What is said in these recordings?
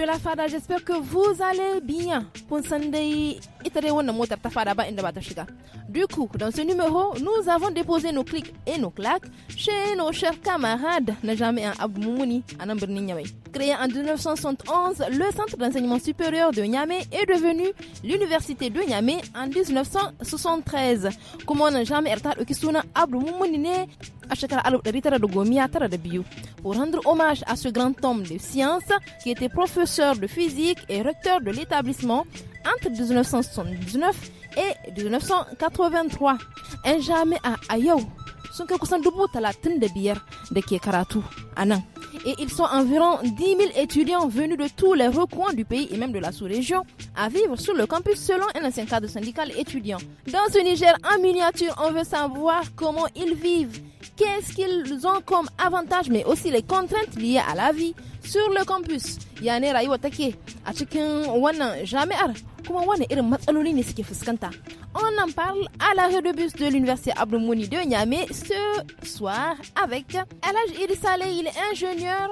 de la Fada, j'espère que vous allez bien. pour Du coup, dans ce numéro, nous avons déposé nos clics et nos claques chez nos chers camarades un Abmoumouni à Créé en 1971, le centre d'enseignement supérieur de Niamey est devenu l'université de Niamey en 1973. pour rendre hommage à ce grand homme de sciences qui était professeur de physique et recteur de l'établissement entre 1979 et 1983. Un jamais à Ayo sun kai kusan dubu talatin da karatu et ils sont environ 10 000 étudiants venus de tous les recoins du pays et même de la sous-région à vivre sur le campus selon un ancien cadre syndical étudiant. Dans ce Niger en miniature, on veut savoir comment ils vivent, qu'est-ce qu'ils ont comme avantages, mais aussi les contraintes liées à la vie sur le campus. y Rayo Take, a cikin Comment on irin matsaloli ne suke fuskanta? On en parle à l'arrêt de bus de l'université Abdelmouni de Niamey ce soir avec Alaj Irisale, il est ingénieur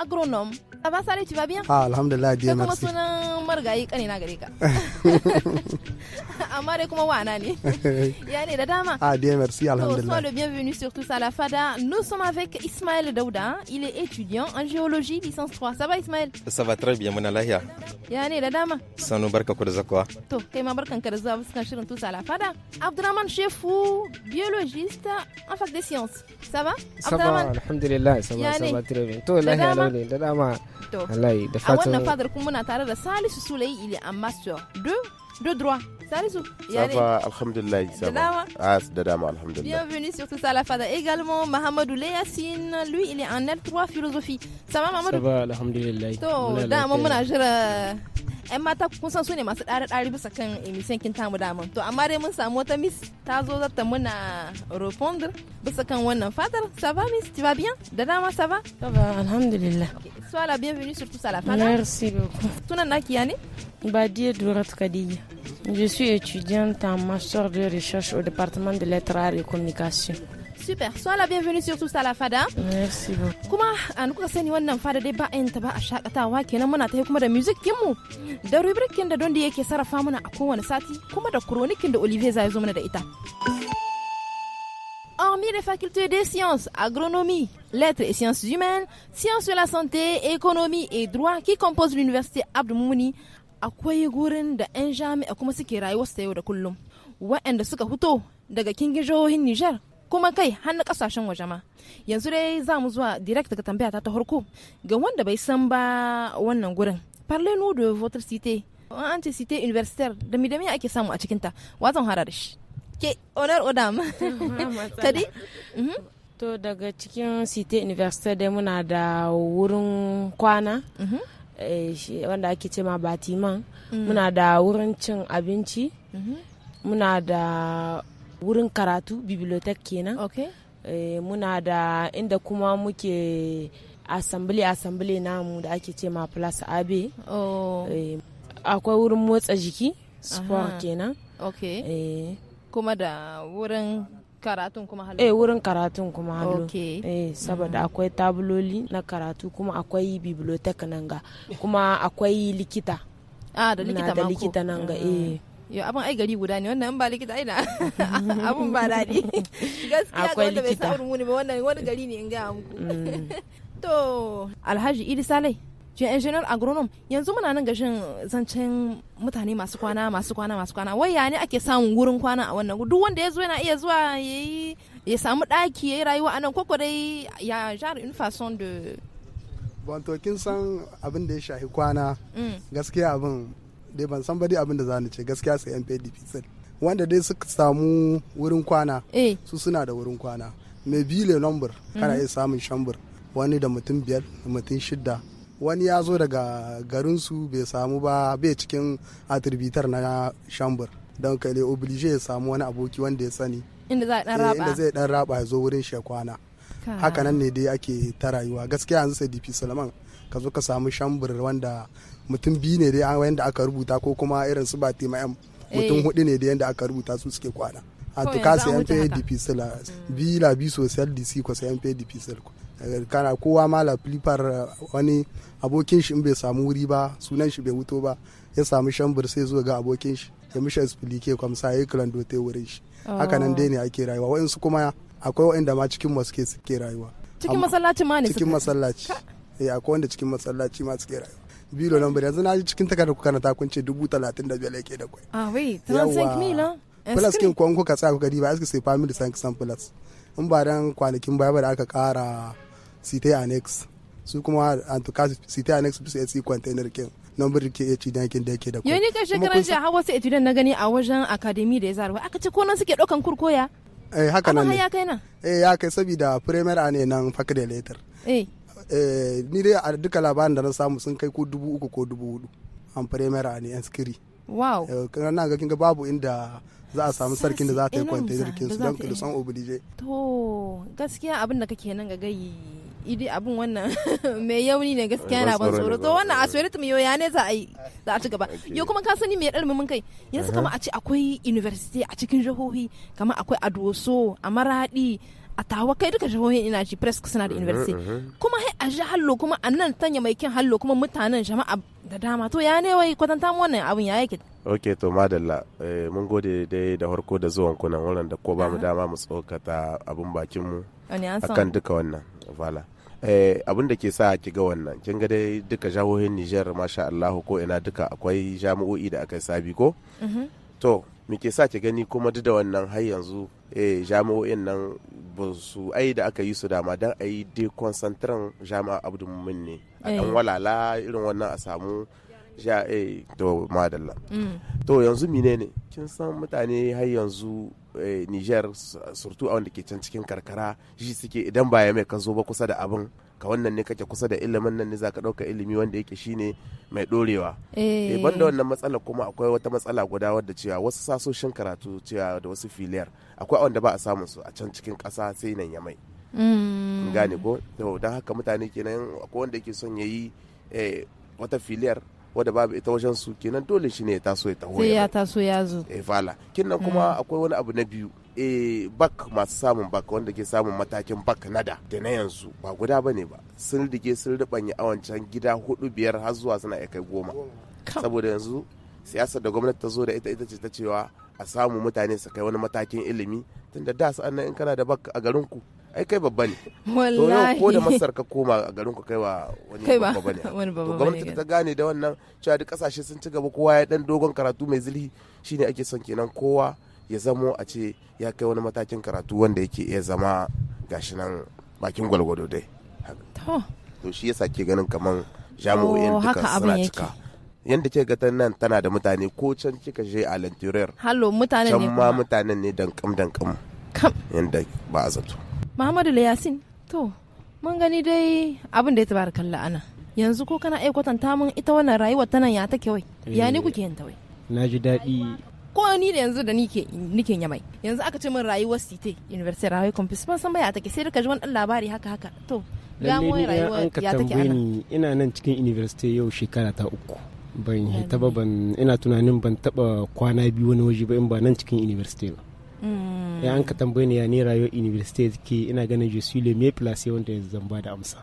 agronome. Ça va Salé? tu vas bien? Ah, alhamdulillah, bien merci. Comment margayi kanina gare ka. il dai kuma wana ne. Ya ne da dama. Ah, bien merci, alhamdulillah. Bonsoir le bienvenu sur tout à la Fada. Nous sommes avec Ismaël Daouda, il est étudiant en géologie licence 3. Ça va Ismaël? Ça va très bien, mon Allah. Ya ne da dama. Sanu barka barka da zakwa to kai ma barkan ka da zuwa fuskan shirin tusa lafada abdurrahman shefu biologiste en fac des sciences ça va abdurrahman alhamdulillah ça va ça va très bien to lahi alaule da dama wallahi da fatan a wannan fadar kun muna tare da Salisu Sulai il est master 2 de droit Salisu, ça va, alhamdulillah, ça va. Ah, dama, alhamdulillah. Bienvenue sur tout ça la fada. Également, Mahamadou Leyassine, lui, il est en L3 philosophie. Ça va, Mahamadou Ça va, alhamdulillah. Donc, dama, mon agir, 'yan mata kun san su ne masu ɗari ɗari bisa kan emission kin tamu daman to amma dai mun samu wata miss ta zo zata muna refonder bisa kan wannan fatar ça va miss tu vas bien da ça va ça va alhamdulillah so la bienvenue surtout à la fada merci beaucoup tunan naki ya ne badiya kadiya Je suis étudiante en master de recherche au département de lettres et communication. Super, sois la bienvenue sur tout ça la Fada. Merci beaucoup. Kuma, an kuka sani wannan fada dai ba ta ba a shakatawa kenan muna ta kuma da music din mu. Da rubrikin da Dondi yake sarrafa mana a kowane sati kuma da kronikin da Olivier zai mana da ita. Hormis les facultés des sciences, agronomie, lettres et sciences humaines, sciences de la santé, économie et droit qui composent l'université Abdou Moumouni, akwai gurin da 'yan jami'a kuma suke rayuwarsu ta yau da kullum. Wa'anda suka fito daga kingin Niger. Niger. kuma kai hannu kasashen waje ma yanzu dai za mu zuwa direct daga tambaya ta ta harko ga wanda bai san ba wannan gurin parle nous de votre cité an ce cité universitaire da mi da mi ake samu a cikin ta wa zan hara da shi ke honor odam Tadi. Mhm. to daga cikin cité universitaire dai muna da wurin kwana mhm. eh, wanda ake ce ma batiman mhm. muna da wurin cin abinci muna da wurin karatu bibliotek kenan okay. e, muna da inda kuma muke asambili asambili namu da ake ce ma plus abe oh. e, akwai wurin motsa jiki sport kenan okay. e, kuma da wurin karatun kuma hallo eh wurin karatun kuma hallo okay. eh saboda mm. akwai tabuloli na karatu kuma akwai bibliotheque nan ga kuma akwai likita ah da likita da likita nan ga mm. eh yo abin ai gari guda ne wannan ba likita ai da abin ba daɗi gaskiya ga wanda bai sa ne ba wannan wani gari ne in gaya muku mm. to alhaji idi salai jin engineer agronom yanzu muna nan gashin zancen mutane masu kwana masu kwana masu kwana wai ya ne ake samun wurin kwana a wannan duk wanda ya zo yana iya zuwa yi ya samu ɗaki yi rayuwa anan koko dai ya jar une façon de bon to kin san abin da ya shahi kwana mm. gaskiya abin dai ban san ba dai abin da za ni ce gaskiya sai yan pdp wanda dai suka samu wurin kwana eh. su suna da wurin kwana mai bile lambur kana mhm. iya samun shambur wani da mutum biyar da mutum shidda wani ya zo daga garinsu bai samu ba bai cikin atribitar na shambur don kai oblige ya samu wani aboki wanda ya sani inda eh, zai dan raba ya zo wurin shekwana haka nan ne dai ake ta rayuwa gaskiya yanzu sai dp salaman ka zo ka samu shambur wanda mutum biyu ne dai wanda aka rubuta ko kuma irin su ba tema eh. mutum hudu ne da yanda aka rubuta su suke kwana a to ka sayan pdp sila bi la bi social dc ko sayan pdp sila kana kowa ma la flipper uh, wani abokin shi in bai samu wuri ba sunan shi bai wuto ba ya samu shambur sai zo ga abokin shi ya mishi explique kwamsa ya yi kilandote wurin shi haka nan dai ne ake rayuwa wa'insu kuma akwai wa'inda ma cikin masu ke rayuwa cikin masallaci ma ne cikin masallaci ya eh, akwai wanda cikin masallaci ma suke rayu nan bari yanzu na ji cikin takardar kuka na ta kunce dubu talatin da biyar yake da kwai ah wai ki mil plus kin kwan kuka tsaya kuka diba aski sai family sank san plus in ba dan kwanakin baya ba da aka kara site annex su kuma an tuka site annex bisa AC container king da ke ya ci dakin da yake da kwai yanzu kashe karan jiya har wasu etudiant na gani a wajen academy da ya zarwa aka ce ko nan suke ɗaukan kurkoya eh haka nan ne ya kai nan eh ya kai saboda primary ne nan fakadelator eh Eh, ni dai a duka labarin da na samu sun kai ko dubu uku ko dubu hudu an firamera ne yan sikiri wow eh, na ga kinga babu inda za a samu sarkin da za ta yi jirgin eh, kinsu don san oblige to gaskiya abin da kake nan ga gayi idi abin wannan mai yauni ne gaskiya na ban tsoro to wannan a soyayya mai yoya ne za a yi za a ci gaba yo kuma ka sani mai dalmi mun kai yanzu kama a ce akwai university a cikin jihohi kama akwai adoso a maradi a tawa kai duka jihohin ina ci presque suna da mhm, university mhm. kuma hai a ji hallo kuma a nan tanya mai kin hallo kuma mutanen jama'a da dama to ya ne wai kwatanta wannan abin ya yake ok to madalla eh, mun gode dai da harko da zuwan kunan wurin da ko ba mu dama mu tsokata abin bakin mu akan duka wannan vala eh, abin da ke sa ki ga wannan kin ga dai duka jihohin Niger masha Allah ko ina duka akwai jami'o'i da aka sabi ko mhm. to me ke sa ki gani kuma duk da wannan har yanzu Eh, jami'o'in nan ba su ai da aka yi su dama don a yi dai konsantran jami'a abdu ne a dan eh. walala irin wannan a samu ja eh, to madalla mm. to yanzu mine ne kin san mutane har yanzu niger surtu a wanda ke can cikin karkara shi suke idan ba ya mai ka zo ba kusa da abin ka wannan ne kake kusa da ilimin nan ne za ka dauka ilimi wanda yake shine mai dorewa eh, eh. banda wannan matsala kuma akwai wata matsala guda wadda cewa wasu sasoshin karatu cewa da wasu filiyar akwai wanda ba a samun su a can cikin ƙasa sai nan ya mai mm. gane ko don haka mutane kenan akwai wanda yake son yayi eh, wata filiyar wadda babu ita wajen su kenan dole shi ne ya taso ya taho ya taso ya zo eh fala kinnan kuma mm. akwai wani abu na biyu e bak masu samun bak wanda ke samun matakin bak na da da na yanzu ba guda ba ne ba sun rige sun ribanya a wancan gida hudu biyar har zuwa suna ya kai goma saboda yanzu siyasar da gwamnati ta zo da ita ita ce ta cewa a samu mutane su kai wani matakin ilimi tunda da su annan in kana da bak a garin ku. ai kai babba ne wallahi ko da masar ka koma a garin ku kai wa wani babba ne to gwamnati ta gane da wannan cewa duk kasashe sun ci gaba kowa ya dan dogon karatu mai zulhi shine ake son kenan kowa ya zamo a ce ya kai wani matakin karatu wanda yake iya zama gashi nan bakin gwalgwado dai to shi yasa ke ganin kamar kaman yin duka suna cika yadda ke ga nan tana da mutane ko can kika je a lantirar hallo mutanen ne ma mutanen ne dankam dankam kam yadda ba a zato muhammadu layasin to mun gani dai abin da ya tabar kalla ana yanzu ko kana aikwatan tamun ita wannan rayuwar tanan ya take wai ya ni eh, kuke yin wai na ji daɗi ko ni da yanzu da nike nike nyamai yanzu aka ce min rayuwar site university rayuwar campus ban san baya take sai da kaji wani labari haka haka to ga mu rayuwar ya take ana ina nan cikin university yau shekara ta uku ban hita ba ban ina tunanin ban taba kwana biyu wani waje ba in ba nan cikin university ba hmm. ya an ka tambaye ni ya ne rayuwar university ke ina ganin je suis le mieux placé wanda ya zan ba da amsa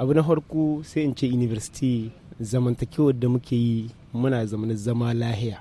abu na farko sai in ce university zamantakewar da muke yi muna zama zama lahiya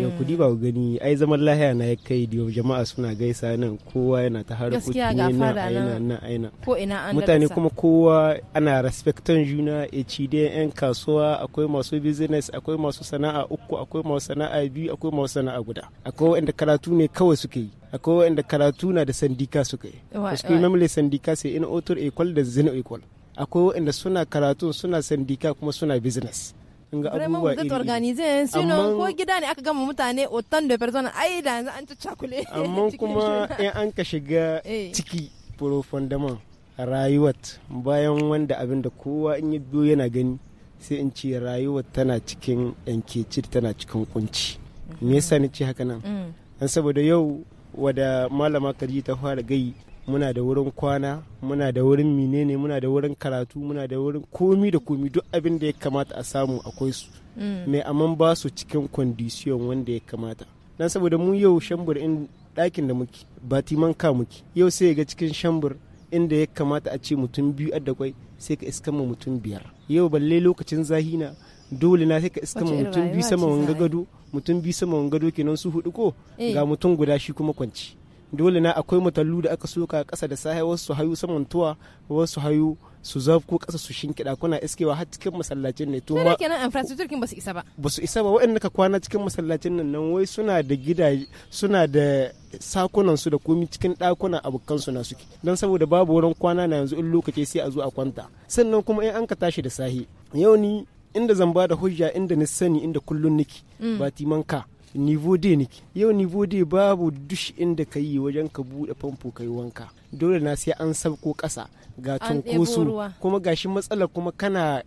yau kudi ba gani ai zaman lahiya na ya kai diyo jama'a suna gaisa nan kowa yana ta harkoki ne na aina na aina ko ina an mutane kuma kowa ana respectan juna e da yan kasuwa akwai masu business akwai masu sana'a uku akwai masu sana'a biyu akwai masu sana'a guda akwai wanda karatu ne kawai suke yi akwai wanda karatu na da sandika suke yi suke mamle sandika sai in autor equal da zina equal akwai wanda suna karatu suna sandika kuma suna business ga abubuwa iri organize ko gida ne aka gama mutane otan da persona ai da yanzu an cakule amma kuma in an ka shiga eh. ciki profondaman rayuwat bayan wanda abin da kowa in yi biyo yana gani sai in ce rayuwar tana cikin yankeci tana cikin kunci me yasa ni ce haka nan mm. dan saboda yau wada malama kaji ta fara gai muna da wurin kwana muna da wurin menene muna da wurin karatu muna da wurin komi da komi duk abin da ya kamata a samu akwai su mai mm. amma ba su cikin kwandisiyon wanda ya kamata dan saboda mu yau shambur in dakin da muke batiman ka muke yau sai ga cikin shambur inda ya kamata a ce mutum biyu adda kwai sai ka iska ma mutum biyar yau balle lokacin zahina dole na sai ka iska ma mutum biyu sama wanga gado mutum biyu sama wanga gado kenan su hudu ko eh. ga mutum guda shi kuma kwanci dole na akwai matallu da aka soka ƙasa da sahi wasu su hayu saman tuwa wasu hayu su ko ƙasa su shinkida kuna iskewa har cikin masallacin ne. Tuma kenan infrastructure kin ba su isa ba. Ba su isa ba waɗanda ka kwana cikin masallacin nan nan wai suna da gidaje suna da sakunan su da komi cikin ɗakunan abukan su na suke don saboda babu wurin kwana na yanzu in lokaci sai a zo a kwanta sannan kuma in an ka tashi da sahi yau ni inda zan ba da hujja inda ni sani inda kullun niki mm. ba timanka nivo de ke yau nivo de babu duk inda ka yi wajen ka buɗe famfo kai wanka dole na sai an sabko ƙasa ga cunkoso kuma gashi matsalar kuma kana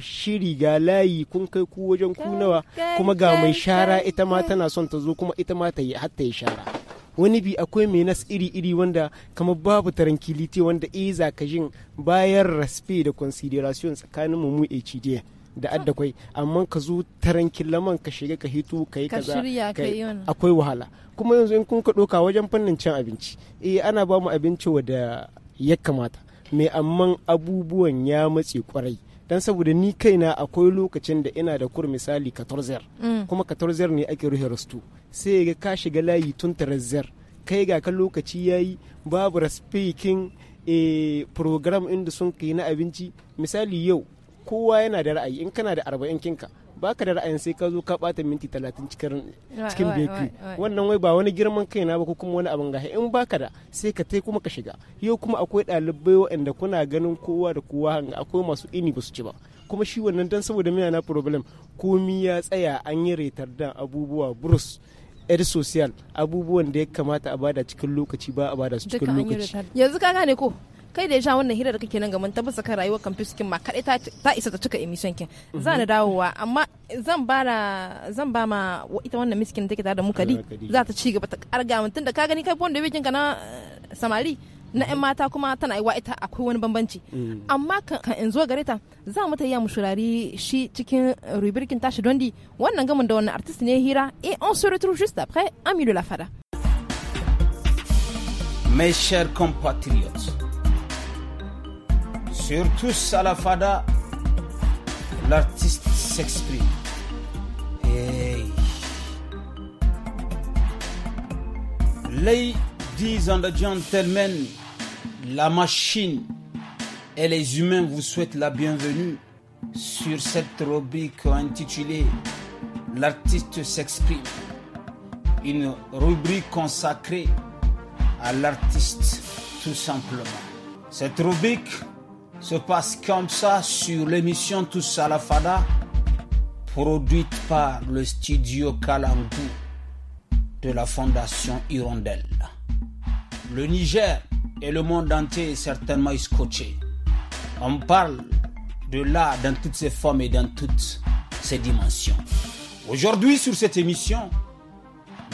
shiri ga layi kun kai ku wajen ku kuma ga mai shara ita ma tana son ta zo kuma ita ma ta yi hatta ya shara wani bi akwai nas iri-iri wanda kama babu tarankilite wanda e za ka jin bayan raspe da consideration tsakanin mu mu HDN da adda kwai amma ka zo taran killaman ka shiga ka hito ka yi kaza akwai wahala kuma yanzu in kun ka doka wajen fannin cin abinci eh ana ba mu abinci wada ya kamata me amma abubuwan ya matse kwarai dan saboda ni kaina akwai lokacin da ina da kur misali 14 mm. kuma 14 ne ake ruhe rastu sai ga ka shiga layi tun 13 kai ga ka lokaci yayi babu raspikin eh, program inda sun kai na abinci misali yau kowa yana da ra'ayi in kana da arba'in kinka baka da ra'ayin sai ka zo ka bata minti talatin cikin cikin wannan wai ba wani girman kaina ba ko kuma wani abin gahe in baka da sai ka tai kuma ka shiga yau kuma akwai ɗalibai waɗanda kuna ganin kowa da kowa hanga akwai masu ini ba su ci ba kuma shi wannan dan saboda mina na problem komi ya tsaya an yi dan abubuwa burus Ed social abubuwan da ya kamata a bada cikin lokaci ba a bada su cikin lokaci yanzu ka gane ko kai da ja wannan hira da kake nan gaban tabbas kan rayuwar kamfis kin ma kadai ta isa ta cika emission kin mhm. za na dawowa amma zan ba zan ba ma ita wannan miskin da take tare da mu kadi za ta ci gaba ta karga mun tunda ka gani kai da bikin ka na eh, samari na 'yan mhm. mata kuma tana aiwa ita akwai wani bambanci mhm. amma kan in zo gare ta za mu ta yi mu shurari shi cikin rubirkin tashi dondi wannan gamin da wannan artist ne hira et on se retrouve juste après ami de la fada Mes chers compatriotes, Surtout Salafada, l'artiste s'exprime. Hey. de and gentlemen, la machine et les humains vous souhaitent la bienvenue sur cette rubrique intitulée L'artiste s'exprime. Une rubrique consacrée à l'artiste tout simplement. Cette rubrique se passe comme ça sur l'émission Tous à Fada, produite par le studio Kalangu de la Fondation Hirondelle. Le Niger et le monde entier est certainement scotché. On parle de l'art dans toutes ses formes et dans toutes ses dimensions. Aujourd'hui, sur cette émission,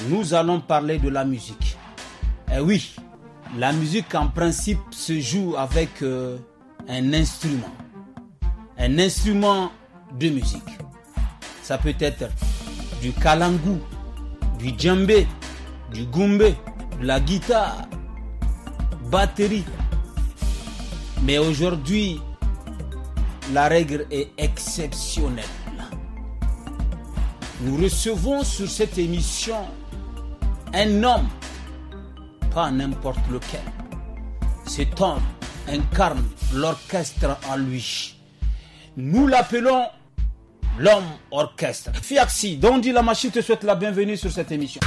nous allons parler de la musique. Et eh oui, la musique en principe se joue avec. Euh, un instrument, un instrument de musique. Ça peut être du kalangu, du djembé, du gumbe, de la guitare, batterie. Mais aujourd'hui, la règle est exceptionnelle. Nous recevons sur cette émission un homme, pas n'importe lequel. Cet homme incarne l'orchestre en lui. Nous l'appelons l'homme orchestre. Fiaxi, la machine te souhaite la bienvenue sur cette émission.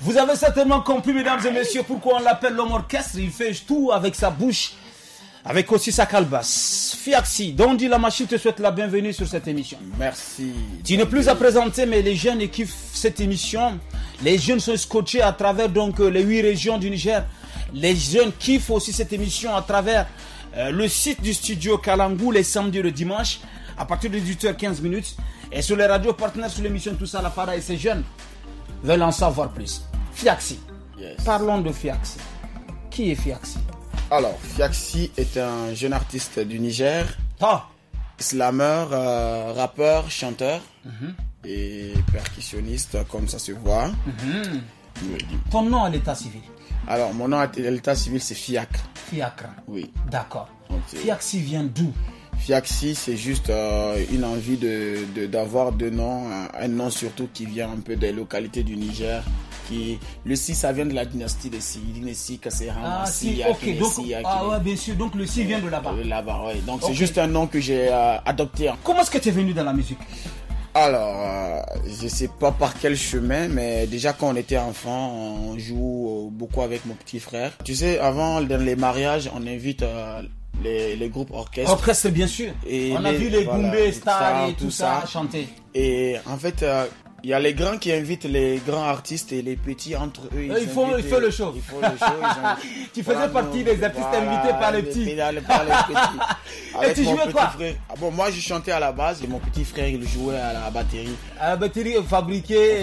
Vous avez certainement compris, mesdames et messieurs, pourquoi on l'appelle l'homme orchestre. Il fait tout avec sa bouche, avec aussi sa calebasse. Fiaxi, dit la machine te souhaite la bienvenue sur cette émission. Merci. Tu n'es plus à présenter, mais les jeunes kiffent cette émission. Les jeunes sont scotchés à travers donc euh, les huit régions du Niger. Les jeunes kiffent aussi cette émission à travers euh, le site du studio Kalangou les samedis et le dimanche à partir de 18h15 minutes et sur les radios partenaires sur l'émission Tout ça la et ces jeunes veulent en savoir plus. Fiaxi. Parlons de Fiaxi. Qui est Fiaxi Alors, Fiaxi est un jeune artiste du Niger. Ah! Slammer, euh, rappeur, chanteur mhm. et percussionniste, comme ça se voit. Mhm. Ton nom à l'état civil Alors, mon nom à l'état civil, c'est Fiac. Fiacre. Oui. D'accord. Fiaxi vient d'où Fiaxi, c'est juste euh, une envie de, d'avoir deux noms, euh, un, nom surtout qui vient un peu des localités du Niger. Qui, le Si, ça vient de la dynastie des Si, dynastie ah, si, donc, ah ouais, bien sûr, donc le Si vient de là-bas. De euh, là-bas, oui. Donc c'est juste un nom que j'ai adopté. Hein. Comment est-ce que tu es venu dans la musique alors, je je sais pas par quel chemin, mais déjà quand on était enfant, on joue beaucoup avec mon petit frère. Tu sais, avant dans les mariages, on invite les, les groupes orchestres. Orchestre, oh, bien sûr. On a vu les voilà, Star Stars et tout, ça, ça, chanter. Et en fait, euh, il y a les grands qui invitent les grands artistes et les petits entre eux. Euh, ils, font, euh, ils font le show. tu faisais partie des artistes invités par les petits. les petits. et tu jouais quoi ah bon, moi je chantais à la base et mon petit frère il jouait à la batterie. À la batterie fabriquée,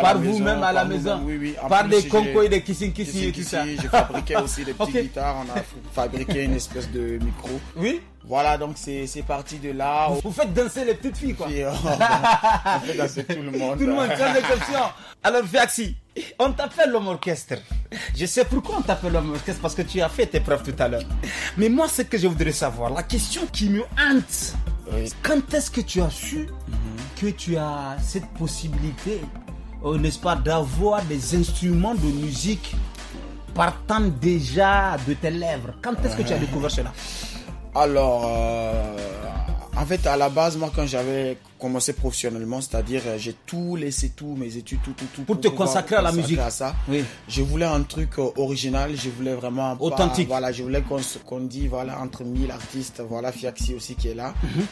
par vous-même à la maison. Oui, oui. par des concours des kissing kissing et tout ça. Je fabriquais aussi des petites guitares. On a fabriqué une espèce de micro. Oui. Voilà, donc c'est parti de là. Vous, faites danser les petites filles, quoi. Oh, on fait danser tout le monde. tout le monde, sans exception. Alors, Fiaxi, on t'appelle l'homme orchestre. Je sais pourquoi on t'appelle l'homme orchestre, parce que tu as fait tes preuves tout à l'heure. Mais moi, ce que je voudrais savoir, la question qui me hante, quand est-ce que tu as su mhm. que tu as cette possibilité, euh, n'est-ce pas, d'avoir des instruments de musique partant déjà de tes lèvres Quand est-ce que tu as ah. découvert cela alors, euh, en fait, à la base, moi, quand j'avais commencé professionnellement, c'est-à-dire euh, j'ai tout laissé, tout mes études, tout, tout, tout. Pour, te consacrer à la musique. À ça. Oui. Je voulais un truc euh, original, je voulais vraiment. Authentique. voilà, je voulais qu'on qu dit, voilà, entre mille artistes, voilà, Fiaxi aussi qui est là. Mhm.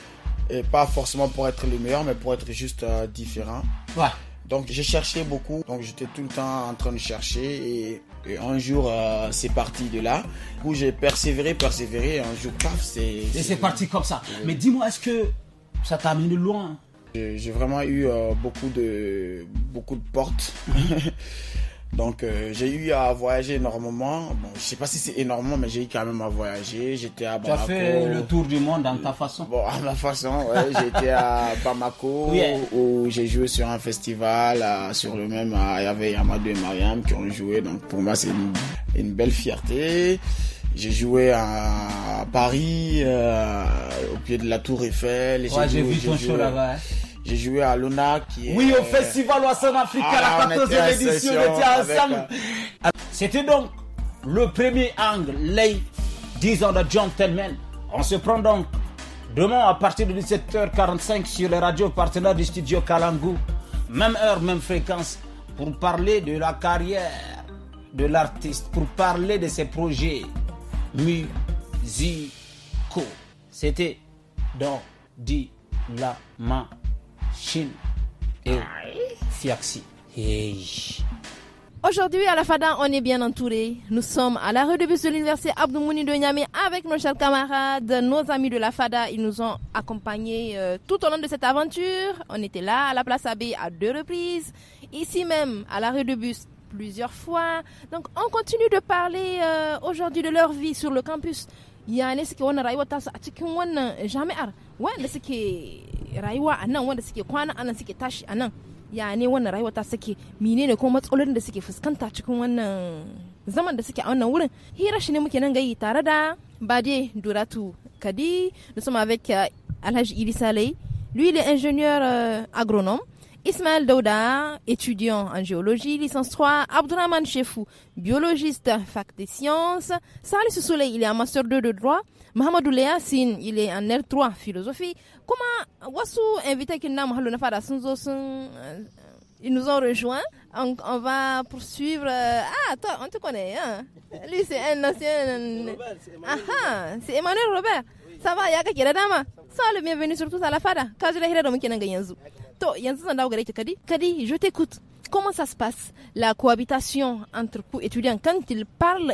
Et pas forcément pour être le meilleur, mais pour être juste différent. Voilà. Donc j'ai cherché beaucoup, donc j'étais tout le temps en train de chercher et, un jour euh, c'est parti de là où j'ai persévéré, persévéré, et un jour paf c'est... Et c'est parti comme ça. Mais dis-moi, est-ce que ça t'a amené loin J'ai vraiment eu euh, beaucoup, de, beaucoup de portes. Mhm. Donc euh, j'ai eu à voyager énormément. Bon, je sais pas si c'est énormément, mais j'ai eu quand même à voyager. J'étais à Bamako. Tu as fait le tour du monde dans ta façon. Bon, à ma façon, ouais. J'étais à Bamako hein. où j'ai joué sur un festival sur le même. Il y avait Yamadou et Mariam qui ont joué. Donc pour moi c'est une, belle fierté. J'ai joué à Paris, euh, au pied de la Tour Eiffel. Ouais, j'ai vu ton show là-bas. Hein. J'ai joué à Luna qui est... Oui, au Festival Ouassan Africa, la 14e ah, édition, de était ensemble. Hein. C'était donc le premier angle, les 10 ans de gentleman. On se prend donc demain à partir de 17h45 sur les radios partenaires du studio Kalangu. Même heure, même fréquence, pour parler de la carrière de l'artiste, pour parler de ses projets musicaux. C'était dans Di La Main. Chine et Fiaxi. Aujourd'hui, à la FADA, on est bien entouré. Nous sommes à la rue de bus de l'université Mouni de Niamey avec nos chers camarades, nos amis de la FADA. Ils nous ont accompagnés euh, tout au long de cette aventure. On était là à la place AB à deux reprises. Ici même, à la rue de bus, plusieurs fois. Donc, on continue de parler euh, aujourd'hui de leur vie sur le campus, ya ne suke wannan rayuwar tasu a cikin wannan jami'ar wanda suke rayuwa a nan wanda suke kwana a nan suke tashi a nan ya ne wannan rayuwar ta suke menene kuma matsalolin da suke fuskanta cikin wannan zaman da suke a wannan wurin hira shi ne muke nan gayi tare da Bade Duratu Kadi da suma avec euh, Alhaji Idi salai lui le est ingénieur euh, Ismaël Douda, étudiant en géologie, licence 3, Abdourahman Chefou, biologiste, fac des sciences, Salis Soleil, il est un master 2 de droit, Mahamadou Ouléa il est en L3, philosophie. Comment, Wassou, invité Kinna Mahalouna euh, ils nous ont rejoints. On, va poursuivre. Euh, ah, toi, on te connaît. Hein? Lui, c'est un ancien. Euh, ah, ah, c'est Emmanuel Robert. Ça va, Yaka Kiradama. Sois le bienvenu surtout à la Fada. Quand je l'ai dit, kadi je t'écoute comment ça se passe la cohabitation entre étudiants quand ils parlent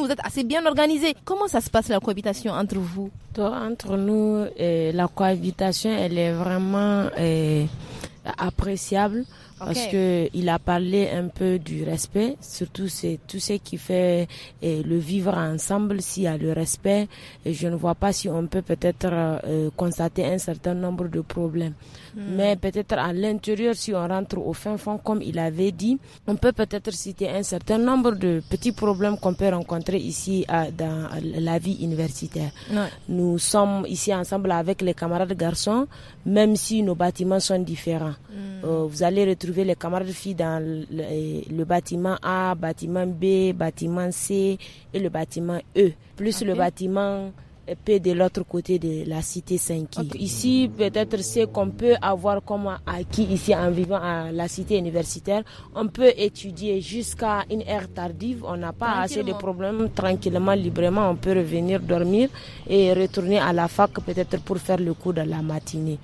vous êtes assez bien organisés comment ça se passe la cohabitation entre vous entre nous euh, la cohabitation elle est vraiment euh, appréciable parce que il a parlé un peu du respect, surtout c'est tout ce qui fait eh, le vivre ensemble. S'il y a le respect, je ne vois pas si on peut peut-être euh, constater un certain nombre de problèmes. Hmm. Mais peut-être à l'intérieur, si on rentre au fin fond, comme il avait dit, on peut peut-être citer un certain nombre de petits problèmes qu'on peut rencontrer ici dans la vie universitaire. Nous sommes ici ensemble avec les camarades garçons, même si nos bâtiments sont différents. Hmm. Euh, vous allez retrouver les camarades filles dans le, bâtiment A, bâtiment B, bâtiment C et le bâtiment E, plus ah le bâtiment puis de l'autre côté de la cité Saint-Qui. Ici, peut-être c'est qu'on peut avoir comme acquis ici en vivant à la cité universitaire, on peut étudier jusqu'à une heure tardive, on n'a pas assez de problèmes, tranquillement, librement, on peut revenir dormir et retourner à la fac peut-être pour faire le cours de la matinée.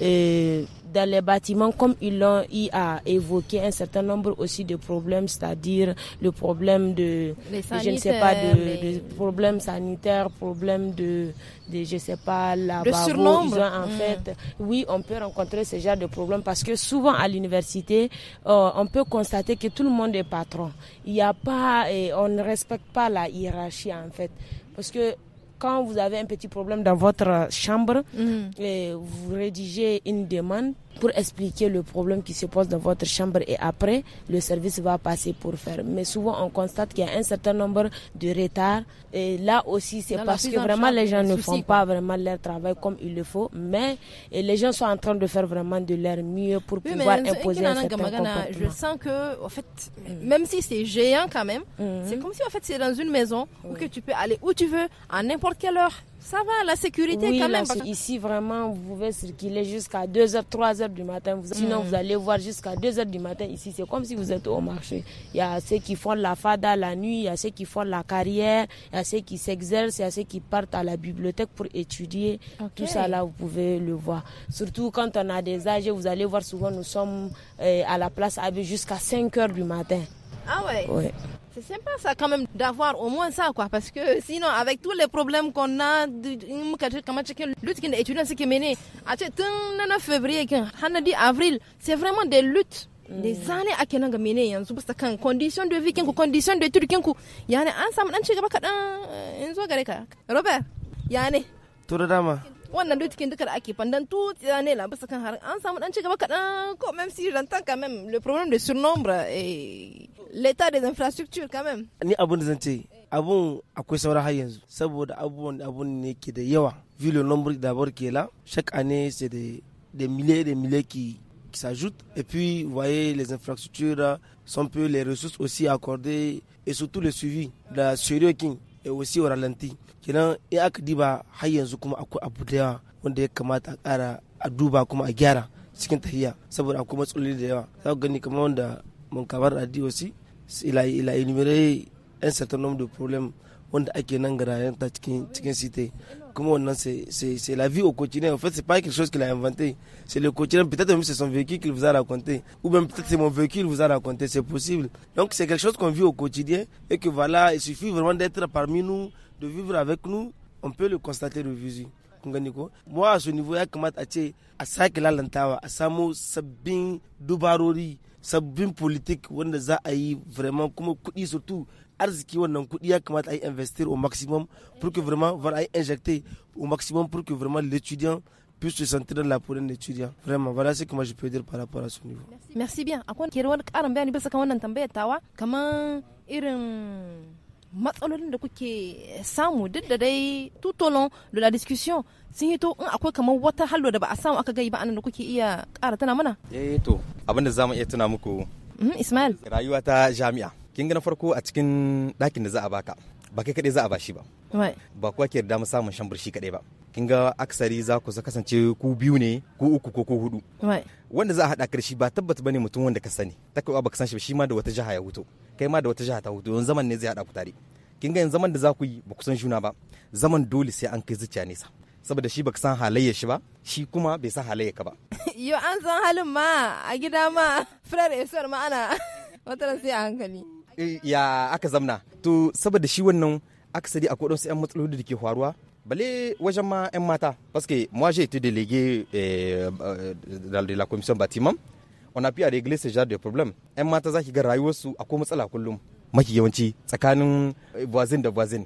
Et euh, dans les bâtiments, comme il l'ont a évoqué un certain nombre aussi de problèmes, c'est-à-dire le problème de, je ne sais pas, de, problèmes sanitaires, problèmes de, de, je sais pas, la surnombre. en mm. fait, oui, on peut rencontrer ce genre de problèmes parce que souvent à l'université, euh, on peut constater que tout le monde est patron. Il n'y a pas, et on ne respecte pas la hiérarchie en fait, parce que quand vous avez un petit problème dans votre chambre, mm. et vous rédigez une demande pour expliquer le problème qui se pose dans votre chambre et après, le service va passer pour faire. Mais souvent, on constate qu'il y a un certain nombre de retards. Et là aussi, c'est parce que vraiment les gens ne font pas vraiment leur travail comme il le faut. Mais les gens sont en train de faire vraiment de leur mieux pour pouvoir imposer un certain Je sens que, en fait, mm. même si c'est géant quand même, mm-hmm. c'est comme si en fait c'est dans une maison où que tu peux aller où tu veux, à n'importe quelle heure. Ça va, la sécurité quand même. ici, vraiment, vous pouvez circuler jusqu'à 2h, 3h du matin. sinon, hmm. vous allez voir jusqu'à 2h du matin. Ici, c'est comme si vous êtes au marché. Il y a ceux qui font la fada la nuit, il y a ceux qui font la carrière, il y a ceux qui s'exercent, il y a ceux qui partent à la bibliothèque pour étudier. Tout ça, là, vous pouvez le voir. Surtout quand on a des âges, vous allez voir souvent, nous sommes euh, à la place jusqu'à 5h du matin. Ah ouais Ouais. C'est sympa ça quand même d'avoir au moins ça quoi parce que sinon avec tous les problèmes qu'on a lutte qui étudiants ce qui mené à 9 février avril c'est vraiment des luttes des années à a mené y a basta quand condition de vie kinku condition de tout kinku yani an samu dan un gaba kadan in un, enzo ka Robert yani tout le dama wannan duk cikin duka ake fandan tutsiya ne la bisa har an samu dan cigaba kaɗan ko même si j'entends quand même le problème de surnombre et l'état des infrastructures quand même ni abun da zan ce abun akwai saura har yanzu saboda abubuwan abun ne ke da yawa vu le nombre d'abord qui est là chaque année c'est des des milliers des milliers qui qui s'ajoutent. Et puis, vous voyez, les infrastructures sont peu les ressources aussi accordées et surtout le suivi de la King. Eh, wasi ralanti kenan in aka diba har yanzu kuma akwai abu da yawa wanda ya kamata a kara a duba kuma a gyara cikin tahiya saboda akwai matsaloli da yawa za ku gani kamar wanda mun kamar a doc ilayi ilayi enumerate yan certain nom de problem wanda ake nan garayen ta cikin cikin kuma wannan c'est la vie au quotidien en fait c'est pas quelque chose qu'il a inventé c'est le quotidien peut-être même c'est son vécu qu'il vous a raconté ou même peut-être c'est mon véhicule qu'il vous a raconté c'est possible donc c'est quelque chose qu'on vit au quotidien et que voilà il suffit vraiment d'être parmi nous de vivre avec nous on peut le constater de visu Moi à ce niveau a su nivo à kamata a Je a sake lalantawa a samo sabbin dubarori sabbin politique wanda za a yi vraiment kuma kuɗi surtout arziki wannan kuɗi ya kamata a yi investir au maximum pour que vraiment voilà a injecter au maximum pour que vraiment l'étudiant puisse se sentir dans la peau d'un étudiant. Vraiment, voilà ce que moi je peux dire par rapport à ce niveau. Merci, Merci bien. Akwai kirwar ƙarin bayani bisa kan wannan tambayar tawa kamar irin matsalolin da kuke samu duk da dai tout au long de la discussion sun yi to in akwai kamar wata hallo da ba a samu aka gai ba anan da kuke iya ƙara tana mana? Eh to abinda za mu iya tuna muku. Mhm, Ismail. Rayuwa ta jami'a. kin ga na farko a cikin ɗakin da za a baka ba kai kaɗai za a ba shi ba ba kuwa ke da samun shan burshi kaɗai ba kin ga aksari za ku kasance ku biyu ne ku uku ko ku hudu wanda za a haɗa karshe ba tabbat bane mutum wanda ka sani ta kai ba ka san shi ba shi ma da wata jaha ya huto kai ma da wata jaha ta huto yanzu zaman ne zai haɗa ku tare kin ga yanzu zaman da za ku yi ba ku san juna ba zaman dole sai an kai zuciya nesa saboda shi baka san halayyar shi ba shi kuma bai san halayyar ka ba yo an san halin ma a gida ma firar esuwar ma ana wata sai a hankali Eh, ya aka zamna to saboda shi wannan akasari akwai wadansu 'yan matsaloli da ke faruwa bale wajen ma 'yan mata parce que moi j'ai été délégué eh, de la commission bâtiment on a pu régler ce genre de problème 'yan mata za ki ga rayuwarsu akwai matsala kullum maki yawanci tsakanin eh, voisin da voisin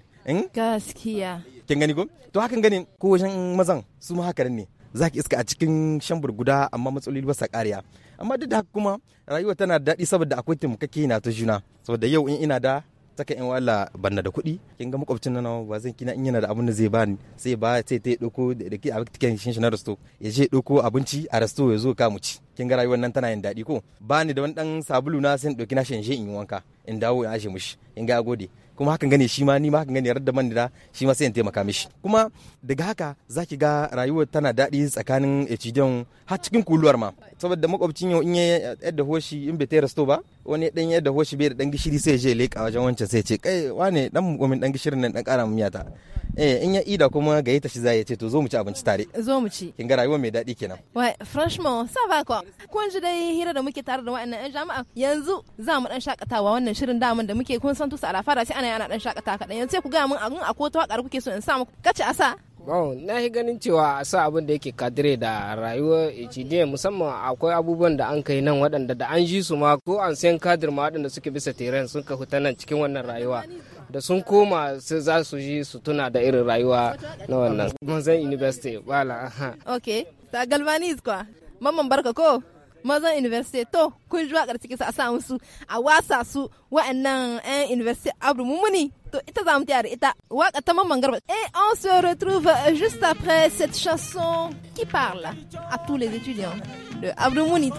gaskiya kin gani ko to hakan gani ko wajen mazan su ma haka ne za ki iska a cikin shambur guda amma matsaloli ba sa kariya amma duk da haka kuma rayuwa tana daɗi saboda akwai taimakake na ta juna saboda yau in ina da taka in wala banna da kuɗi kin ga makwabcin nan ba zan kina in yana da abin da zai bani sai ba sai ta doko da ke abin tikan shin na resto ya je ɗauko abinci a resto ya zo ka mu ci kin ga rayuwar nan tana yin daɗi ko Bani da wani dan sabulu na sai in doki na shin in yi wanka in dawo in ashe mushi in ga gode kuma hakan gane shi ma ni ma hakan gane yarda man da shi ma sai in taimaka mishi kuma daga haka zaki ga rayuwar tana daɗi tsakanin ecidiyan har cikin kuluwar ma saboda makwabcin yau in ya yadda hoshi in bai ta ba wani dan yadda hoshi bai da dan gishiri sai je leka wajen wancan sai ce kai wane dan mugumin dan gishirin nan dan kara mun yata eh in ya ida kuma ga ta shi zai ce to zo mu ci abinci tare zo mu ci kin ga rayuwa mai dadi kenan wai franchement ça va quoi kun ji dai hira da muke tare da wa'annan yan jama'a yanzu za mu dan shakatawa wannan shirin daman da muke kun san tusa alafara sai ana yana dan shakata kadan yanzu sai ku ga mun a kun akwai wata waƙar kuke so in sa muku kace asa na yi ganin cewa a sa abin da yake kadire da rayuwar ichidiya musamman akwai abubuwan da an kai nan waɗanda da an ji su ma ko an sayan kadir ma waɗanda suke bisa teren sun ka hutu nan cikin wannan rayuwa da sun koma sai za su ji su tuna da irin rayuwa na wannan manzan university bala ok ta galvaniz kwa mamman barka ko mazan university to kun ji wakar ciki sa a sa musu a wasa su wa'annan 'yan university abu mummuni Et on se retrouve juste après cette chanson qui parle à tous les étudiants de Abdou Munit.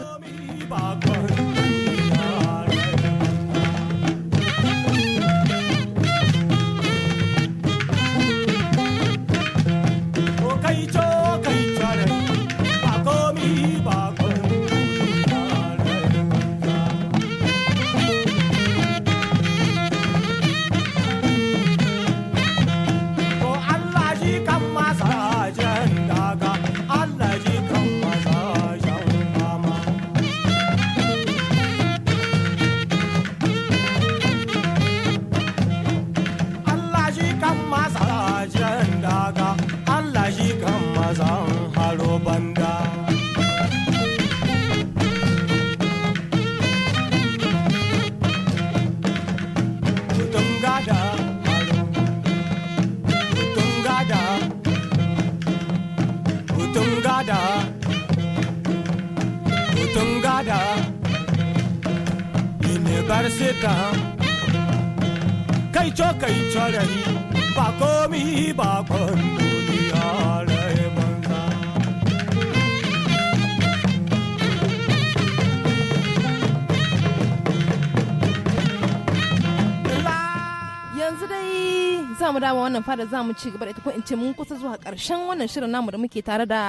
fara za mu ci gaba da ita ko in ce mun kusa zuwa karshen wannan shirin namu da muke tare da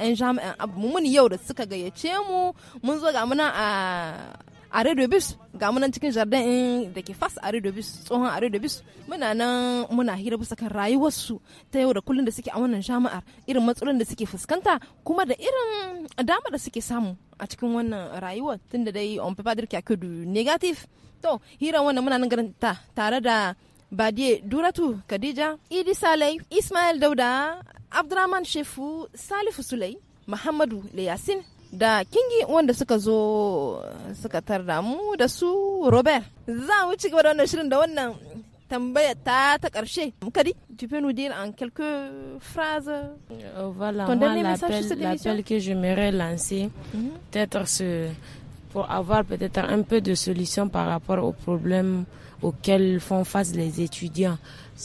'yan jami'an abu mun yau da suka gayyace mu mun zo ga muna a a radio bis ga munan cikin jardin da ke fas a radio bis tsohon a radio bis muna nan muna hira bisa kan rayuwarsu ta yau da kullun da suke a wannan jami'ar irin matsalolin da suke fuskanta kuma da irin dama da suke samu a cikin wannan rayuwar tunda dai on paper dirka negative to hira wannan muna nan garanta tare da Badie Douratou, Kadija, Idi Saleh, Ismaël Dauda, Abdraman Chefou, Salif Suley, Muhammadu Leyassin, da kingi wanda suka zo suka tarda da su Robert. Za mu ci wannan shirin da wannan tambaya ta ta karshe. tu peux nous dire en quelques phrases euh, voilà on a l'appel que j'aimerais lancer, mhm. peut-être pour avoir peut-être un peu de solution par rapport au problème auxquels font face les étudiants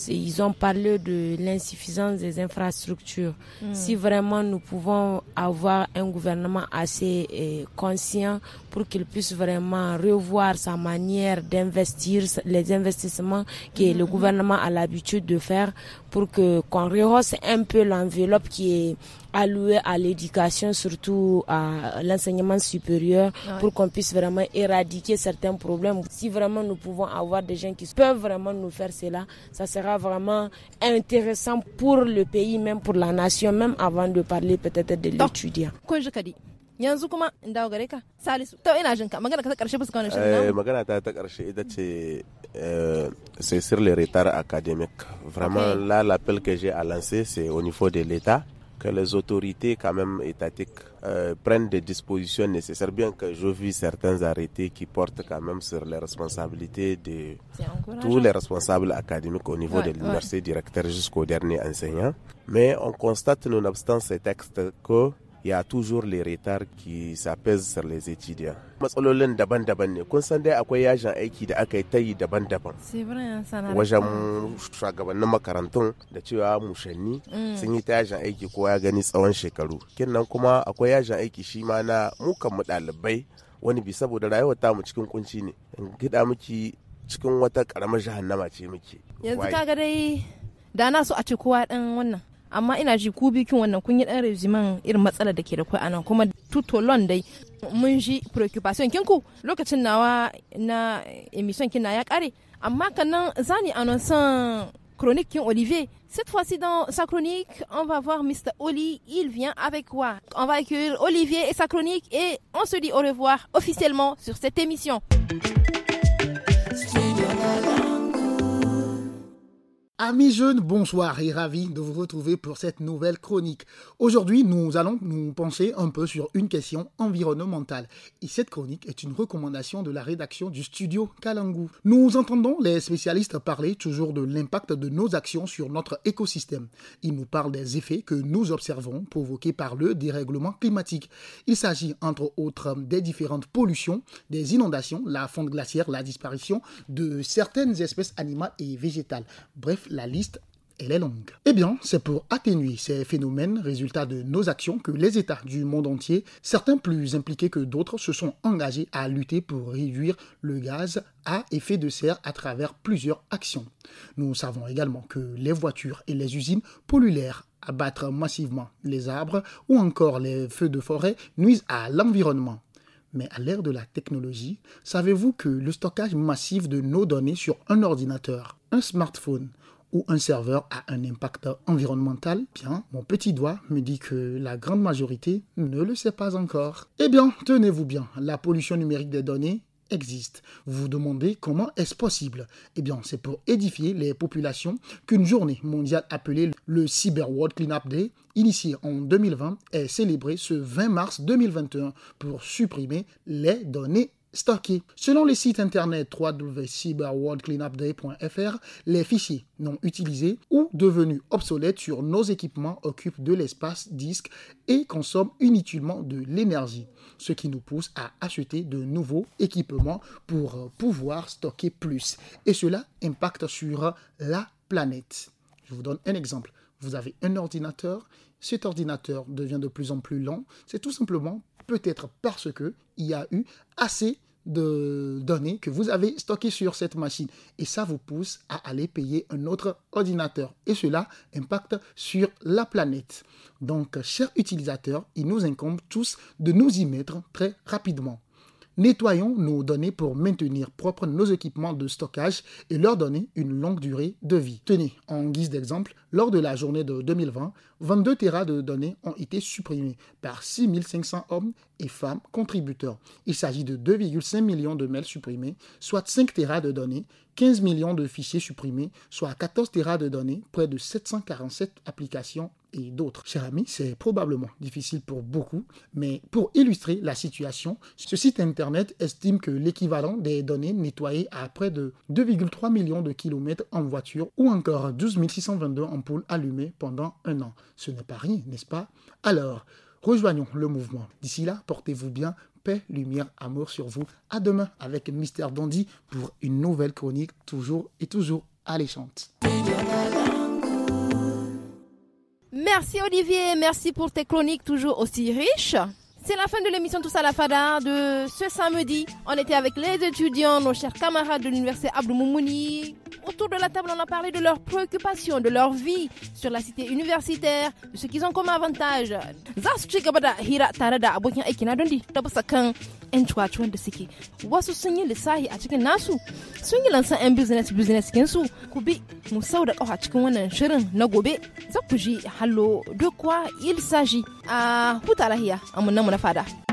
ils ont parlé de l'insuffisance des infrastructures. Hmm. Si vraiment nous pouvons avoir un gouvernement assez euh, conscient pour qu'il puisse vraiment revoir sa manière d'investir, les investissements que hmm. le hmm. gouvernement a l'habitude de faire pour que qu'on rehausse un peu l'enveloppe qui est allouée à l'éducation, surtout à l'enseignement supérieur, pour qu'on puisse vraiment éradiquer certains problèmes. Si vraiment nous pouvons avoir des gens qui peuvent vraiment nous faire cela, ça c'est sera vraiment intéressant pour le pays, même pour la nation, même avant de parler peut-être de l'étudiant. yanzu c'est sur le retard académique vraiment là l'appel que j'ai à lancer c'est au niveau de l'état que les autorités quand même étatiques euh, prennent des dispositions nécessaires, bien que je vis certains arrêtés qui portent quand même sur les responsabilités de tous les responsables académiques au niveau de l'université, directeur jusqu'au dernier enseignant. Mais on constate, nonobstant ces textes, que y a toujours les retards qui s'apaisent sur les étudiants. Matsalolin daban-daban ne, kun san dai akwai yajin aiki da aka yi ta yi daban-daban. Wajen shugabannin makarantun da cewa mushanni mm. sun yi ta yajin aiki kowa ya gani tsawon shekaru. Kinnan kuma akwai yajin aiki shi ma na mukan mu ɗalibai wani bi saboda rayuwar mu cikin kunci ne. In gida miki cikin wata karamar jahannama ce muke. Yanzu kaga dai da na so a ce kowa ɗan wannan amma ina ji ku bikin wannan kun yi dan resumen irin matsalar da ke da kwai anan kuma tutolon dai mun ji preoccupation kinku lokacin nawa na emission kina ya kare amma kanan zani anon chronique chronique Olivier. Cette fois-ci, dans sa chronique, on va voir Mr. Oli. Il vient avec quoi On va accueillir Olivier et sa chronique et on se dit au revoir officiellement sur cette émission. Amis jeunes, bonsoir et ravi de vous retrouver pour cette nouvelle chronique. Aujourd'hui, nous allons nous pencher un peu sur une question environnementale. Et cette chronique est une recommandation de la rédaction du studio Kalangu. Nous entendons les spécialistes parler toujours de l'impact de nos actions sur notre écosystème. Ils nous parlent des effets que nous observons provoqués par le dérèglement climatique. Il s'agit entre autres des différentes pollutions, des inondations, la fonte glaciaire, la disparition de certaines espèces animales et végétales. Bref, la liste elle est longue. Eh bien, c'est pour atténuer ces phénomènes résultats de nos actions que les États du monde entier, certains plus impliqués que d'autres, se sont engagés à lutter pour réduire le gaz à effet de serre à travers plusieurs actions. Nous savons également que les voitures et les usines polluent l'air abattre massivement les arbres ou encore les feux de forêt nuisent à l'environnement. Mais à l'ère de la technologie, savez-vous que le stockage massif de nos données sur un ordinateur, un smartphone, ou un serveur a un impact environnemental Bien, mon petit doigt me dit que la grande majorité ne le sait pas encore. Eh bien, tenez-vous bien, la pollution numérique des données existe. Vous vous demandez comment est-ce possible Eh bien, c'est pour édifier les populations qu'une journée mondiale appelée le Cyber World Cleanup Day, initiée en 2020, est célébrée ce 20 mars 2021 pour supprimer les données stocker. Selon les sites internet www.cyberworldcleanupday.fr, les fichiers non utilisés ou devenus obsolètes sur nos équipements occupent de l'espace disque et consomment inutilement de l'énergie, ce qui nous pousse à acheter de nouveaux équipements pour pouvoir stocker plus. Et cela impacte sur la planète. Je vous donne un exemple. Vous avez un ordinateur, cet ordinateur devient de plus en plus lent, c'est tout simplement peut-être parce que il y a eu assez de données que vous avez stockées sur cette machine et ça vous pousse à aller payer un autre ordinateur et cela impacte sur la planète. Donc, chers utilisateurs, il nous incombe tous de nous y mettre très rapidement. Nettoyons nos données pour maintenir propres nos équipements de stockage et leur donner une longue durée de vie. Tenez, en guise d'exemple, lors de la journée de 2020, 22 Tera de données ont été supprimées par 6500 hommes femmes contributeurs. Il s'agit de 2,5 millions de mails supprimés, soit 5 terras de données, 15 millions de fichiers supprimés, soit 14 terras de données, près de 747 applications et d'autres. Chers amis, c'est probablement difficile pour beaucoup, mais pour illustrer la situation, ce site internet estime que l'équivalent des données nettoyées à près de 2,3 millions de kilomètres en voiture ou encore 12 622 ampoules allumées pendant un an. Ce n'est pas rien, n'est-ce pas Alors, Rejoignons le mouvement. D'ici là, portez-vous bien. Paix, lumière, amour sur vous. À demain avec Mister Dandy pour une nouvelle chronique toujours et toujours alléchante. Merci Olivier, merci pour tes chroniques toujours aussi riches. C'est la fin de l'émission Tous à la Fada de ce samedi. On était avec les étudiants, nos chers camarades de l'université Abdou Moumouni. Autour de la table, on a parlé de leurs préoccupations, de leur vie sur la cité universitaire, de ce qu'ils ont comme avantage. a business business il Mona fará.